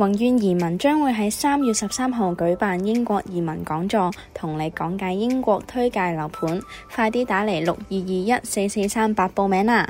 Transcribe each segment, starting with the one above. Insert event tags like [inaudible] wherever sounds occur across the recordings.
宏願移民將會喺三月十三號舉辦英國移民講座，同你講解英國推介樓盤，快啲打嚟六二二一四四三八報名啦！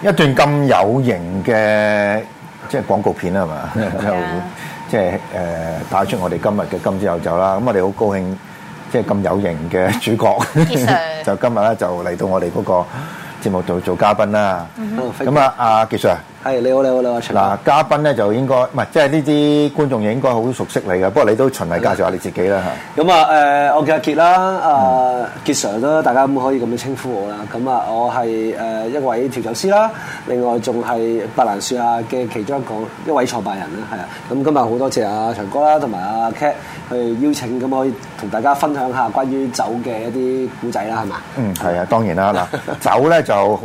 一段咁有型嘅即係廣告片啊嘛，即係誒帶出我哋今日嘅今朝有酒啦！咁我哋好高興，即係咁有型嘅主角、mm hmm. [laughs] 就今日咧就嚟到我哋嗰個節目度做嘉賓啦。咁啊，阿 Kit Sir。係你好，你好，你好，嗱、啊，嘉賓咧就應該唔係，即係呢啲觀眾亦應該好熟悉你噶。不過你都循例介紹下你自己啦嚇。咁啊的，誒的、呃，我叫阿杰啦，呃嗯、杰 Sir 啦，大家唔可以咁樣稱呼我啦。咁啊，我係誒、呃、一位調酒師啦，另外仲係白蘭樹下嘅其中一個一位創辦人啦，係啊。咁今日好多謝阿祥哥啦、啊，同埋阿 Cat 去邀請，咁可以同大家分享下關於酒嘅一啲古仔啦，係嘛？嗯，係啊，的當然啦，嗱， [laughs] 酒咧就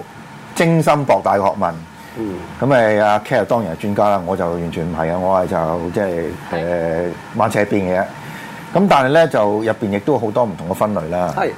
精心博大學問。嗯，咁誒，阿 Kit 當然係專家啦，我就完全唔係啊，我係就即係誒萬尺邊嘅，咁、就是、是的 但係咧就入邊亦都好多唔同嘅分類啦。係，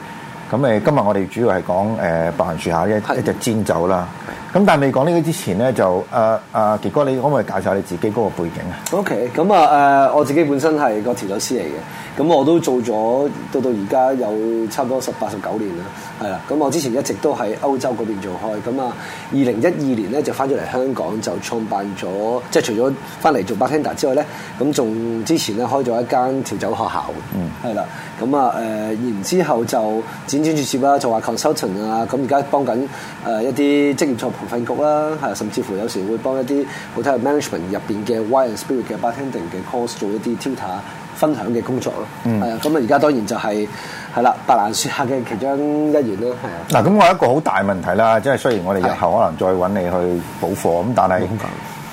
咁誒，今日我哋主要係講誒白蘭樹下一隻是的 煎酒啦。咁但係未講呢個之前咧，就誒誒傑哥，你可唔可以介紹下你自己嗰個背景啊？OK，咁啊誒，我自己本身係個調酒師嚟嘅，咁我都做咗到到而家有差唔多十八十九年啦，係啦。咁我之前一直都喺歐洲嗰邊做開，咁啊二零一二年咧就翻咗嚟香港，就創辦咗即係除咗翻嚟做 bartender 之外咧，咁仲之前咧開咗一間調酒學校，嗯，係啦。咁啊誒，然之後就剪剪接接啦，就做下 consulting 啊，咁而家幫緊、呃、一啲職業、職業分局啦，嚇，甚至乎有時候會幫一啲好睇嘅 management 入邊嘅 wine spirit 嘅 bartender 嘅 course 做一啲 t i t o r 分享嘅工作咯，係、嗯、啊，咁啊而家當然就係係啦白蘭説客嘅其中一員咯，係啊。嗱，咁我一個好大問題啦，即係雖然我哋日後可能再揾你去補課，咁但係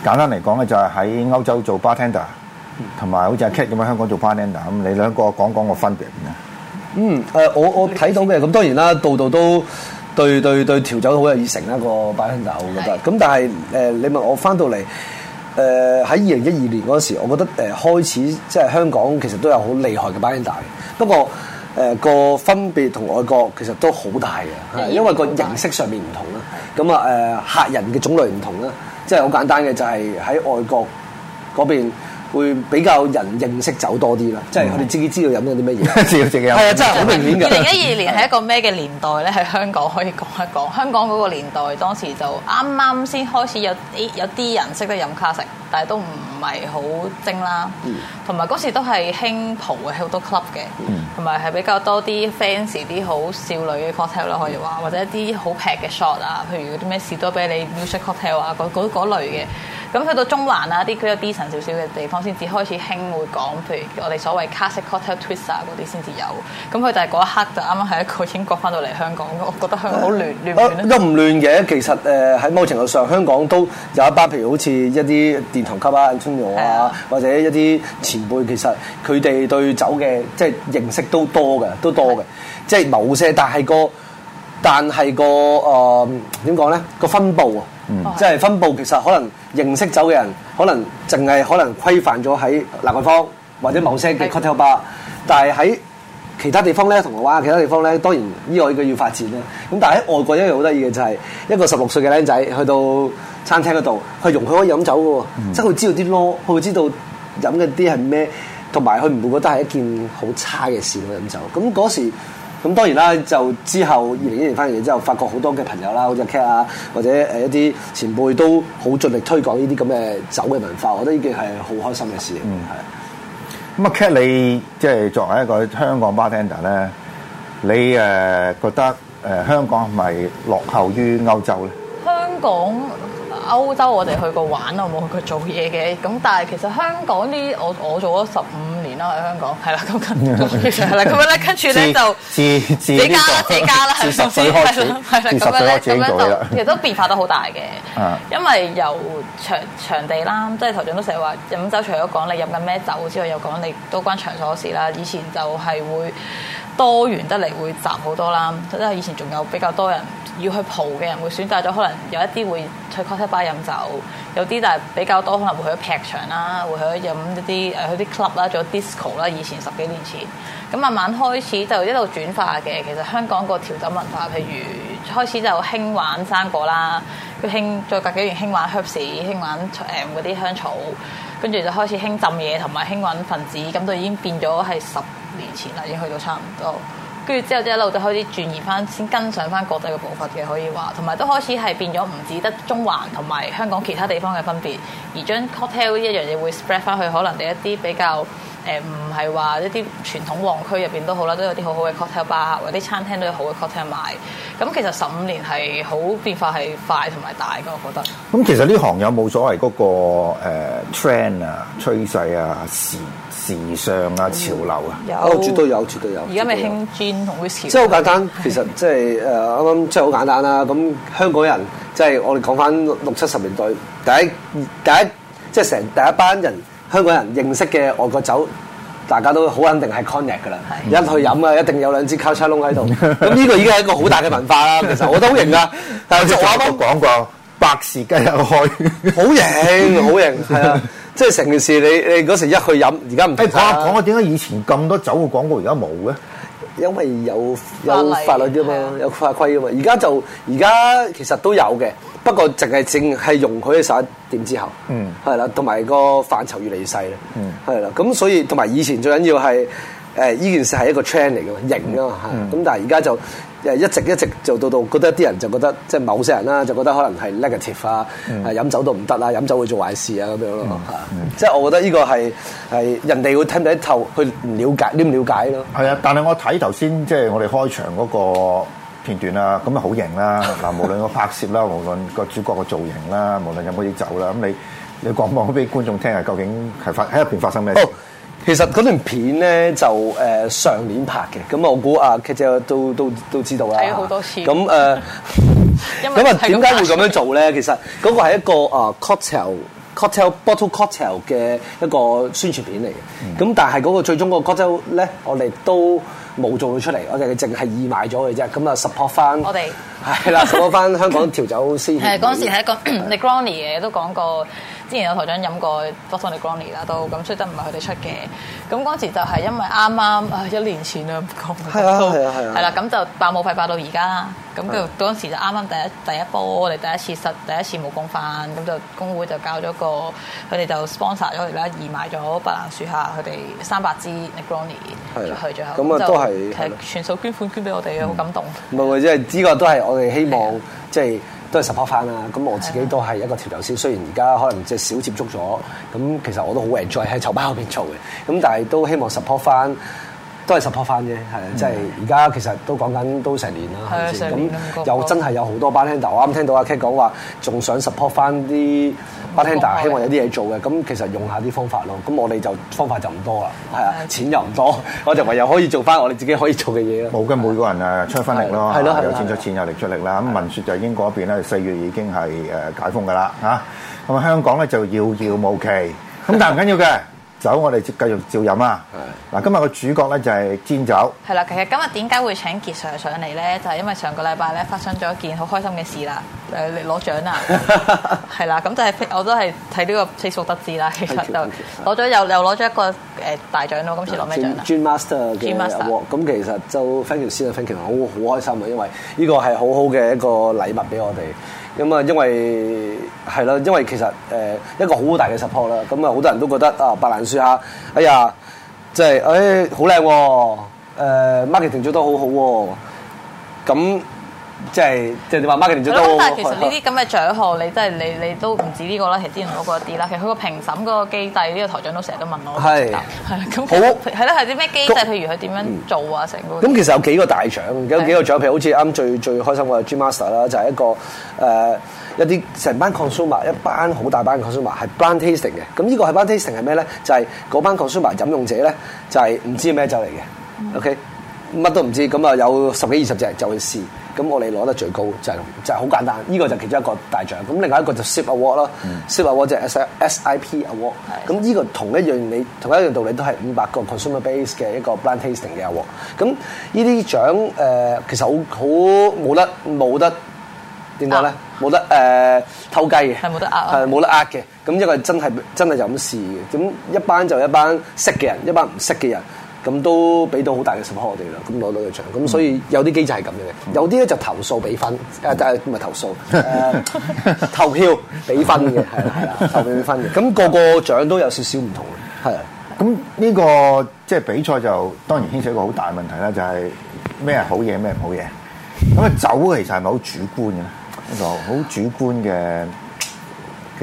簡單嚟講咧，就係喺歐洲做 bartender，同埋、嗯、好似阿 k a t 點解香港做 bartender？咁、嗯、你兩個講講個分別咧？嗯，誒、呃，我我睇到嘅，咁當然啦，度度都。對對對調酒好有熱誠一個 bartender 覺得咁是的 但係誒、呃，你問我翻到嚟誒喺二零一二年嗰時，我覺得誒、呃、開始即係香港其實都有好厲害嘅 bartender 不過誒、呃、個分別同外國其實都好大嘅，的的因為個形式上面唔同啦，咁啊的的客人嘅種類唔同啦，是的 即係好簡單嘅就係、是、喺外國嗰邊。會比較人認識酒多啲啦，嗯、即係我哋自己知道飲咗啲乜嘢，係啊 [laughs] 喝， [laughs] 真係好明顯。二零一二年係一個咩嘅年代咧？喺香港可以講一講。香港嗰個年代當時就啱啱先開始有啲有啲人識得飲卡式，但係都唔係好精啦。同埋嗰時都係興蒲嘅，好多 club 嘅，同埋係比較多啲 fans 啲好少女嘅 cocktail 啦，可以話，嗯、或者一啲好撇嘅 shot 啊，譬如嗰啲咩士多啤梨 music cocktail 啊，嗰嗰類嘅。咁去到中環啊，啲佢有啲層少少嘅地方，先至開始興會講，譬如我哋所謂 classic cocktail twist 啊，嗰啲先至有。咁佢就係嗰一刻就啱啱係一個英國翻到嚟香港，我覺得香港好亂、啊、亂亂咁、啊啊、都唔亂嘅。其實喺、呃、某程度上，香港都有一班譬如好似一啲殿堂級啊，春遊啊，或者一啲前輩，其實佢哋對酒嘅即係認識都多嘅，都多嘅。啊、即係某些大歌，但係個誒點講咧？個分佈啊。即係、嗯、分佈其實可能認識酒嘅人，可能淨係可能規範咗喺蘭桂坊或者某些嘅 cocktail bar，嗯、是但係喺其他地方咧，同埋哇，其他地方咧，當然依個依個要發展啦。咁但係喺外國一樣好得意嘅就係一個十六歲嘅僆仔去到餐廳嗰度，佢容許可以飲酒嘅喎，即係佢知道啲囉，佢會知道飲嘅啲係咩，同埋佢唔會覺得係一件好差嘅事咯，飲酒。咁嗰時。咁當然啦，就之後二零一年翻嚟之後，發覺好多嘅朋友啦，好似 Kit 啊，或者誒一啲前輩都好盡力推廣呢啲咁嘅酒嘅文化，我覺得呢件係好開心嘅事。嗯，係是。咁啊，Kit，你即係作為一個香港 bartender 咧，你誒覺得誒香港係咪落後於歐洲咧？香港、歐洲，我哋去過玩啊，冇去過做嘢嘅。咁但係其實香港啲，我我做咗十五。喺香港，係啦咁近嘅，係啦咁樣咧，跟住咧就自自家自家啦，係啦咁樣咧，其實都變化得好大嘅，因為由場場地啦，即係頭先都成日話飲酒，除咗講你飲緊咩酒之外，又講你都關場所事啦。以前就係會多元得嚟會集好多啦，因為以前仲有比較多人。要去蒲嘅人會選擇咗，可能有一啲會去 club bar 飲酒，有啲就比較多可能會去啲劈場啦，會去飲一啲誒去啲 club 啦，仲有 disco 啦。以前十幾年前，咁慢慢開始就一路轉化嘅。其實香港個調酒文化，譬如開始就興玩生果啦，佢興再隔幾年興玩 herbs，興玩誒嗰啲香草，跟住就開始興浸嘢同埋興揾分子，咁都已經變咗係十年前啦，已經去到差唔多。跟住之後，一路就開始轉移翻，先跟上翻國際嘅步伐嘅，可以話，同埋都開始係變咗唔止得中環同埋香港其他地方嘅分別，而將 cocktail 呢一樣嘢會 spread 翻去可能第一啲比較。誒，唔係話一啲傳統旺區入邊都好啦，都有啲好好嘅 cocktail bar，或者餐廳都有好嘅 cocktail 賣。咁其實十五年係好變化係快同埋大嘅，我覺得、嗯。咁其實呢行有冇所謂嗰、嗰個、呃、trend 啊趨勢啊時時尚啊潮流啊？有啊，絕對有，絕對有。而家咪興 gin 同 whisky 即係好簡單， [laughs] 其實即係誒啱啱即係好簡單啦。咁香港人即、就、係、是、我哋講翻六七十年代第一第一即係成第一班人。香港人認識嘅外國酒，大家都好肯定係 Cognac 㗎喇，一去飲啊，的嗯、一定有兩支溝叉窿喺度。咁呢、嗯、個已經係一個好大嘅文化啦。其實我都好型㗎，但係俗話都講過，百事吉有開，好好型、嗯、好型，係啊，即係成件事。你你嗰時候一去飲，而家唔睇。誒，我講啊，點解以前咁多酒嘅廣告而家冇嘅？因為有有法律啊嘛，有法規啊嘛。而家就而家其實都有嘅。不過，淨係淨係容許嘅十一點之後，嗯，係啦，同埋個範疇越嚟越細啦，嗯，係啦，咁所以同埋以前最緊要係誒呢件事係一個 trend 嚟嘅嘛，型啊嘛，咁但係而家就一直一直做到到，覺得啲人就覺得即係、就是、某些人啦，就覺得可能係 negative、嗯、啊，係飲酒都唔得啦，飲酒會做壞事啊咁樣咯，即係我覺得呢個係係人哋會聽得透，頭，去了解了唔了解咯。係啊的，但係我睇頭先即係我哋開場嗰、那個。片段啦，咁啊好型啦，嗱， [laughs] 無論個拍攝啦，無論個主角個造型啦，無論有冇嘢走啦，咁你你講講俾觀眾聽下，究竟係發喺入邊發生咩事、哦？其實嗰段片咧就誒、呃、上年拍嘅，咁我估啊 Kit Sir 都都都知道啦，睇咗好多次。咁誒，咁啊點解會咁樣做咧？ [laughs] 其實嗰、那個係一個啊、呃、cocktail cocktail Bottle cocktail 嘅一個宣傳片嚟嘅，咁、嗯、但係嗰個最終個 cocktail 咧，我哋都。冇做到出嚟，OK，只是我哋淨係義賣咗佢啫。咁啊 [laughs] support 翻我哋係啦，support 翻香港調酒師。係嗰時係一個 Negroni 嘅， [coughs] 都講過。之前有台長飲過 Botanical Negroni 啦，oni，都咁，所以真唔係佢哋出嘅。咁嗰時就係因為啱啱、哎、一年前啦，唔講係啊係啊係啊。係啦，咁就爆冇費爆到而家啦。咁佢當時就啱啱第一第一波，我哋第一次失，第一次冇供翻。咁就工會就搞咗個，佢哋就 sponsor 咗佢啦，義賣咗白蘭樹下佢哋三百支 Negroni 的。係去咁啊樣就都係。係，其實全數捐款捐俾我哋嘅，好、嗯、感動。唔係，即係呢個都係我哋希望，即係是的、就是、都係 support 翻啦。咁我自己都係一個調酒師，是的 雖然而家可能即係少接觸咗，咁其實我都好 enjoy 喺酒吧嗰邊做嘅。咁但係都希望 support 翻。都係 support 翻嘅，即係而家其實都講緊都成年啦，咁又真係有好多 bartender，我啱聽到阿 K 講話，仲想 support 翻啲 bartender，希望有啲嘢做嘅，咁其實用下啲方法咯，咁我哋就方法就唔多啦，係啊，錢又唔多，我就唯有可以做翻我哋自己可以做嘅嘢咯，冇嘅，每個人啊出分力咯，係咯，有錢出錢，有力出力啦。咁文雪就已經嗰邊咧，四月已經係解封㗎啦，嚇咁啊，香港咧就遙遙無期。咁但係唔緊要嘅。酒我哋繼續照飲啊！嗱，今日個主角咧就係 Gin 酒。係啦，其實今日點解會請 Kit Sir 上嚟咧？就係因為上個禮拜咧發生咗一件好開心嘅事啦，誒攞獎啦，係啦，咁就係我都係睇呢個 Facebook 得知啦。其實就攞咗又又攞咗一個誒大獎咯，今次攞咩獎啊？Gin Master 嘅，咁其實就 thank you Sir，thank you，好好開心啊，因為呢個係好好嘅一個禮物俾我哋。咁啊，因為啦，因為其實、呃、一個好大嘅 support 啦。咁啊，好多人都覺得啊、呃，白蘭書嚇，哎呀，即、就、係、是、哎，好靚喎，marketing 做得好好、哦、喎，咁。即係即係你話，孖嘅年獎都。嗯、但係其實呢啲咁嘅獎項你，你真係你你都唔止呢、呢個啦。其實之前攞過一啲啦。其實佢個評審嗰個機制，呢、呢個台長都成日都問我係係咁好係咯係啲咩機制？譬如佢點樣做啊？成咁、嗯、其實有幾個大獎，有幾個獎，譬是如好似啱最最開心的 Master, 就個係 G Master 啦，就係一個誒一啲成班 consumer 一班好大班 consumer 係 blind tasting 嘅。咁呢個係 blind tasting 係咩咧？就係嗰班 consumer 飲用者咧，就係、是、唔知咩酒嚟嘅。O K，乜都唔知咁啊，有十幾二十隻就會試。咁我哋攞得最高就係就係好簡單，呢個就其中一個大獎。咁另外一個就 SIP Award 啦，SIP、嗯、Award 就係 SIP Award。咁呢個同一樣你同一樣道理都係五百個 consumer base 嘅一個 blind tasting 嘅獎。咁呢啲獎誒其實好好冇得冇得點講咧？冇得誒偷雞嘅，係、呃、冇得壓，係冇得壓嘅。咁一個真係真係飲試嘅。咁一班就一班識嘅人，一班唔識嘅人。咁都俾到好大嘅 support、嗯、我哋啦，咁攞到嘅獎，咁所以有啲機制係咁嘅，有啲咧就投訴比分，誒、嗯，但係唔係投訴、啊， [laughs] 投票比分嘅，係啦，投票比分嘅，咁個個獎都有少少唔同嘅，係。咁呢、呢個即係、即係、比賽就當然牽扯一個好大問題啦，就係咩係好嘢，咩唔好嘢。咁啊，酒其實係咪好主觀嘅咧？就、呢、好、個、主觀嘅。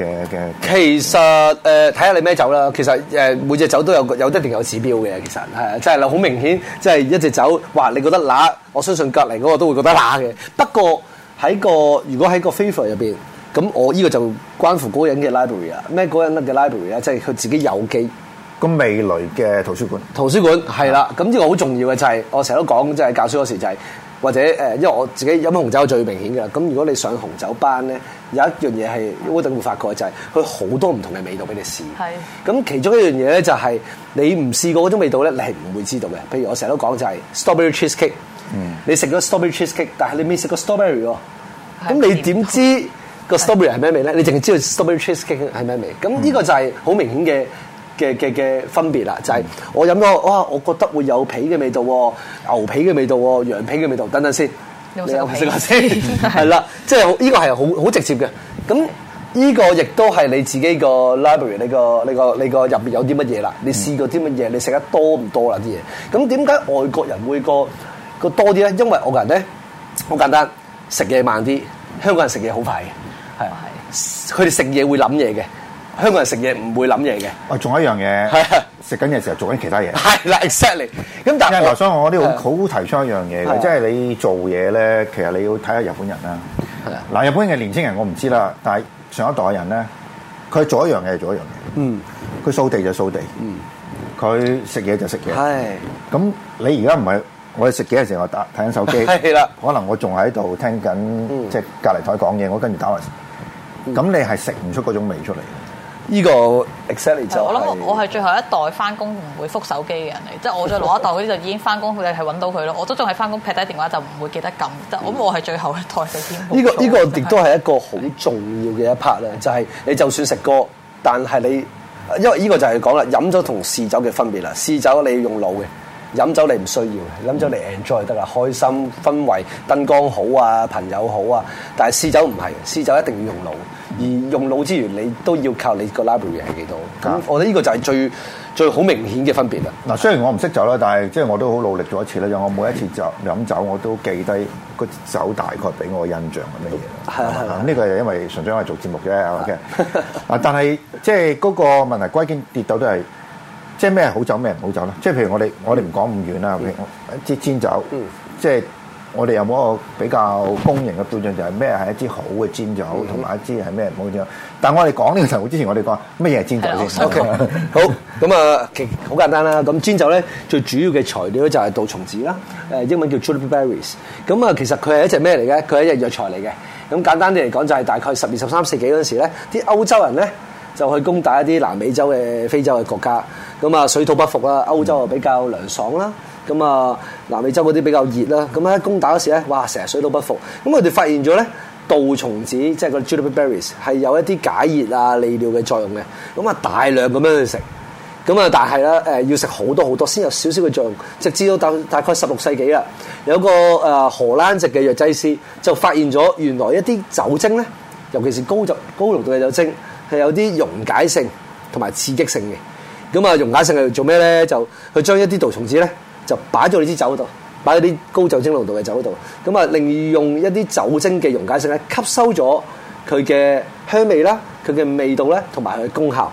嘅嘅、呃，其實誒睇下你咩酒啦。其實誒每隻酒都有有一定有指標嘅。其實係啊，即係嗱，好明顯，即係一隻酒，話你覺得乸，我相信隔離嗰個都會覺得乸嘅。不過喺個如果喺個 favor 入邊，咁我呢個就關乎個人嘅 library 啊，咩個人嘅 library 咧？即係佢自己有機個未來嘅圖書館。圖書館係啦，咁呢個好重要嘅就係我成日都講，即係教書嗰時就係。或者誒，因為我自己飲紅酒最明顯嘅咁。如果你上紅酒班咧，有一樣嘢係我一定會發覺嘅，就係佢好多唔同嘅味道俾你試。係咁是，其中一樣嘢咧就係、是、你唔試過嗰種味道咧，你係唔會知道嘅。譬如我成日都講就係、是、strawberry cheesecake，、嗯、你食咗 strawberry cheesecake，但係你未食過 strawberry 喎，咁、嗯、你點知是個 strawberry 係咩是味咧？你淨係知道 strawberry cheesecake 係咩味。咁呢、嗯、個就係好明顯嘅。嘅嘅嘅分別啦，就係、是、我飲咗，哇！我覺得會有皮嘅味道喎，牛皮嘅味道喎，羊皮嘅味道，等等先，你又唔食下先？係啦， [laughs] 的 [laughs] 即係呢、這個係好好直接嘅。咁呢個亦都係你自己個 library，你個呢個呢個入邊有啲乜嘢啦？你試過啲乜嘢？你食得多唔多啦？啲嘢？咁點解外國人會個個多啲咧？因為我個人咧，好簡單，食嘢慢啲。香港人食嘢好快嘅，係，佢哋食嘢會諗嘢嘅。香港人食嘢唔會諗嘢嘅。哦，仲有一樣嘢，食緊嘢嘅時候做緊其他嘢。係啦，exactly。咁但係，頭先我啲好好提倡一樣嘢嘅，即係你做嘢咧，其實你要睇下日本人啦。係啊。嗱，日本嘅年輕人我唔知啦，但係上一代人咧，佢做一樣嘢係做一樣嘢。嗯。佢掃地就掃地。嗯。佢食嘢就食嘢。係。咁你而家唔係我哋食嘢嘅時候我打睇緊手機。係啦。可能我仲喺度聽緊即係隔離台講嘢，我跟住打埋。咁你係食唔出嗰種味出嚟。呢個 exc 我諗我係最後一代翻工唔會覆手機嘅人嚟，即係我再老一代嗰啲就已經翻工佢哋係揾到佢咯。我都仲係翻工劈低電話就唔會記得撳得。咁我係最後一代嘅。呢個呢個亦都係一個好重要嘅一 part 啦，就係你就算食歌，但係你因為呢個就係講啦，飲酒同試酒嘅分別啦。試酒你要用腦嘅，飲酒你唔需要嘅，飲酒你 enjoy 得啦，開心氛圍燈光好啊，朋友好啊。但係試酒唔係，試酒一定要用腦。而用腦之餘，你都要靠你個 library 係幾多？是的 我覺得呢個就係最最好明顯嘅分別啦。嗱，雖然我唔識酒啦，但係即係我都好努力咗一次啦。就我每一次就飲酒，我都記低個酒大概俾我印象係咩嘢。係係係。咁呢個係因為純粹係做節目啫，嚇嘅。啊，但係即係嗰個問題歸根結底都係，即係咩好酒咩唔好酒咧？即係譬如我哋我哋唔講咁遠啦，譬如支 Gin 酒，即係。我哋有冇一個比較公認嘅標準？就係咩係一支好嘅煎酒，同埋一支係咩冇嘅？但我哋講呢個時候，之前我哋講咩係煎酒先？好，咁啊，好簡單啦。咁煎酒咧，最主要嘅材料就係杜松子啦。英文叫 Juniper Berries。咁啊，其實佢係一隻咩嚟嘅？佢係一隻藥材嚟嘅。咁簡單啲嚟講，就係大概十二、十三世紀嗰陣時咧，啲歐洲人咧就去攻打一啲南美洲嘅、非洲嘅國家。咁啊，水土不服啦，歐洲啊比較涼爽啦。嗯咁啊，南美洲嗰啲比較熱啦，咁喺攻打嗰時咧，哇，成日水土不服。咁佢哋發現咗咧，杜松子即係個 Juniper Berries，係有一啲解熱啊利尿嘅作用嘅。咁啊，大量咁樣去食，咁啊，但係咧誒，要食好多好多先有少少嘅作用。直至到大大概十六世紀啦，有個誒荷蘭籍嘅藥劑師就發現咗，原來一啲酒精咧，尤其是高酒高濃度嘅酒精，係有啲溶解性同埋刺激性嘅。咁啊，溶解性係做咩咧？就去將一啲杜松子咧。就擺咗你支酒嗰度，擺咗啲高酒精濃度嘅酒嗰度，咁啊，利用一啲酒精嘅溶解性咧，吸收咗佢嘅香味啦、佢嘅味道咧，同埋佢嘅功效。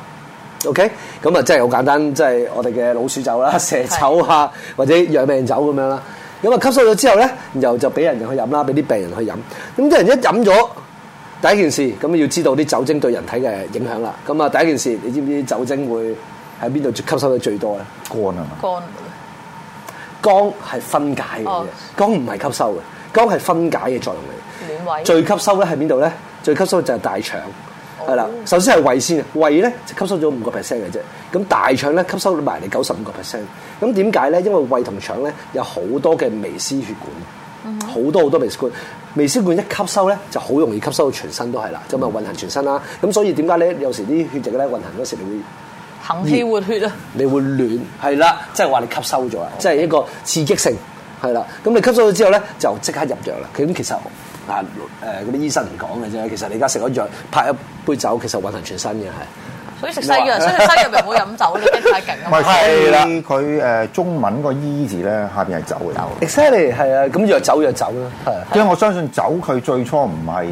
OK，咁啊，即係好簡單，即係我哋嘅老鼠酒啦、蛇酒啊，或者養命酒咁樣啦。咁啊，吸收咗之後咧，然後就俾人去飲啦，俾啲病人去飲。咁即係人一飲咗，第一件事咁要知道啲酒精對人體嘅影響啦。咁啊，第一件事，你知唔知酒精會喺邊度吸收得最多咧？肝啊嘛。肝係分解嘅，肝唔係吸收嘅，肝係分解嘅作用嚟。暖胃。最吸收呢？最吸收咧喺邊度咧？最吸收就係大腸，係啦、oh.。首先係胃先，胃咧就吸收咗五個 percent 嘅啫。咁大腸咧吸收埋嚟九十五個 percent。咁點解咧？因為胃同腸咧有好多嘅微絲血管，好、mm hmm. 多好多微絲管。微絲管一吸收咧，就好容易吸收到全身都係啦，咁啊、mm hmm. 運行全身啦。咁所以點解咧？有時啲血液咧運行嗰時你會。氹氣活血啊！你會暖，係啦，即係話你吸收咗，Okay. 即係一個刺激性，係啦。咁你吸收咗之後咧，就即刻入藥啦。咁其實嗱，誒嗰啲醫生嚟講嘅啫。其實你而家食咗藥，拍一杯酒，其實運行全身嘅係。所以食西藥，所以西藥唔好飲酒啦，跟太緊。唔係，所以佢誒中文個醫、e、字咧，下邊係酒有。Exactly 係啊，咁藥酒藥酒啦。係啊，係啊，因為我相信酒，佢最初唔係。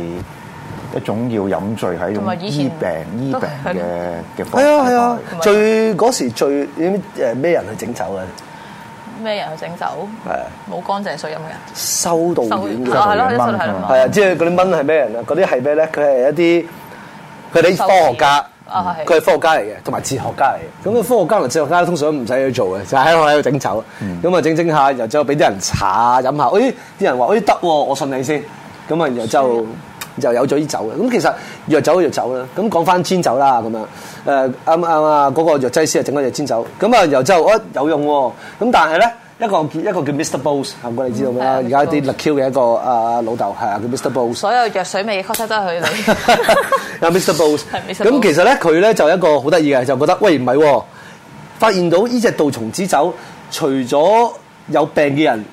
一種要飲醉係一種醫病醫病嘅嘅方法。係啊係啊，最嗰時最誒咩人去整酒啊？咩人去整酒？係冇乾淨水飲嘅。修道院嘅啊，即係嗰啲蚊係咩人啊？嗰啲係咩咧？佢係一啲佢哋科學家。佢係科學家嚟嘅，同埋哲學家嚟嘅。咁嘅科學家同哲學家通常唔使去做嘅，就喺度喺度整酒。咁啊，整整下，又再俾啲人飲下。誒，啲人話誒得，我信你先。咁啊，然後就。就有咗呢酒嘅，咁其實藥酒啊藥酒啦，咁講翻氈酒啦咁樣，誒啱啱啊嗰個藥劑師啊整咗隻氈酒，咁啊由之後我、哦、有用喎、啊，咁但係咧一個一個叫 Mr. Bose，唔過、嗯、你知道咩？而家一啲勒 Q 嘅一個啊、呃、老豆係啊，叫 Mr. Bose。所有藥水味嘅確實都係佢嚟。 [laughs] [laughs] 有 Mr. Bose，咁 [laughs] 其實咧佢咧就是、一個好得意嘅，就覺得喂唔係喎，發現到呢隻杜松子酒除咗有病嘅人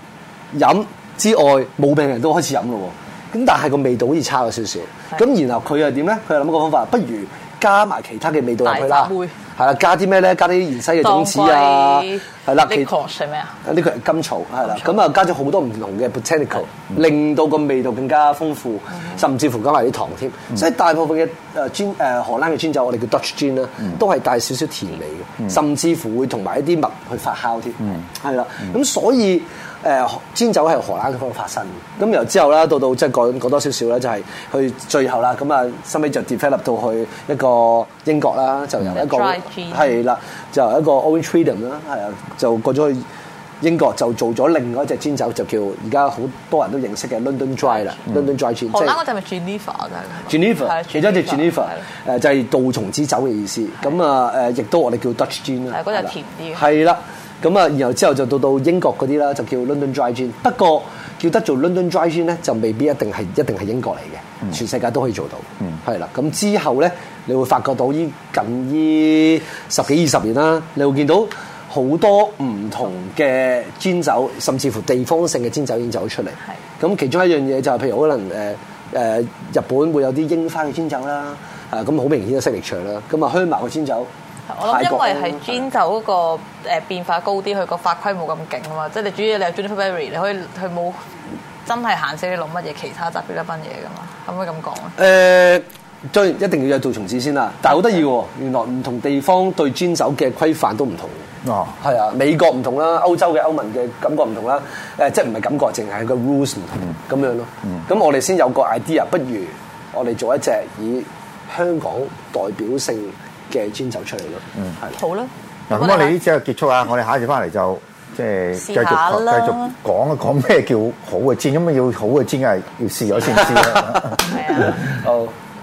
飲之外，冇病人都開始飲咯、啊。咁但係個味道好似差咗少少，咁然後佢又點咧？佢又諗個方法，不如加埋其他嘅味道入去啦，係啦，加啲咩咧？加啲芫茜嘅種子啊。係啦，啲糖係咩啊？啲佢係甘草，係啦，咁啊，加咗好多唔同嘅 botanical，令到個味道更加豐富，甚至乎加埋啲糖添。所以大部分嘅誒煎荷蘭嘅煎酒，我哋叫 Dutch gin 啦，都係帶少少甜味嘅，甚至乎會同埋一啲蜜去發酵添。係啦，咁所以誒，煎酒係荷蘭嘅方法發生。咁由之後啦，到到即係講講多少少咧，就係去最後啦。咁啊，後尾就 develop 到去一個英國啦，就由一個係啦。就有一個 open f r e e d o m 啦，係啊，就過咗去英國，就做咗另外一隻煎酒，就叫而家好多人都認識嘅 London Dry 啦。London Dry Gin，荷蘭嗰隻係咪 Geneva Geneva，另一隻 Geneva，就係杜松子酒嘅意思。咁啊亦都我哋叫 Dutch Gin 啦。係啦，嗰隻甜啲嘅。係啦，咁啊，然後之後就到到英國嗰啲啦，就叫 London Dry Gin。不過叫得做 London Dry Gin 咧，就未必一定係一定係英國嚟嘅，全世界都可以做到。係啦。咁之後咧。你會發覺到依近依十幾二十年啦，你會見到好多唔同嘅氈酒，甚至乎地方性嘅氈酒已經走咗出嚟。咁是的 其中一樣嘢就係、是，譬如可能誒誒、呃、日本會有啲櫻花嘅氈酒啦，啊咁好明顯嘅色力場啦。咁啊香茅嘅氈酒，我諗因為係氈酒嗰個誒變化高啲，佢個法規冇咁勁啊嘛。即係你主要你有 juniper berry，r 你可以佢冇真係限死你攞乜嘢其他雜嘢一班嘢噶嘛。可唔可以咁講咧？誒。呃即一定要做杜松子先啦，但係好得意喎，原來唔同地方對氈酒嘅規範都唔同。哦，係啊，美國唔同啦，歐洲嘅歐盟嘅感覺唔同啦。即係唔係感覺，淨係個 rules 唔同咁、嗯、樣咯。咁、嗯、我哋先有個 idea，不如我哋做一隻以香港代表性嘅氈酒出嚟咯。嗯的，好啦吧。嗱，咁我哋呢節目結束啊，我哋下一節翻嚟就即係繼續一繼續講講咩叫好嘅氈？咁啊，要嘗嘗好嘅氈係要試咗先知啦。好。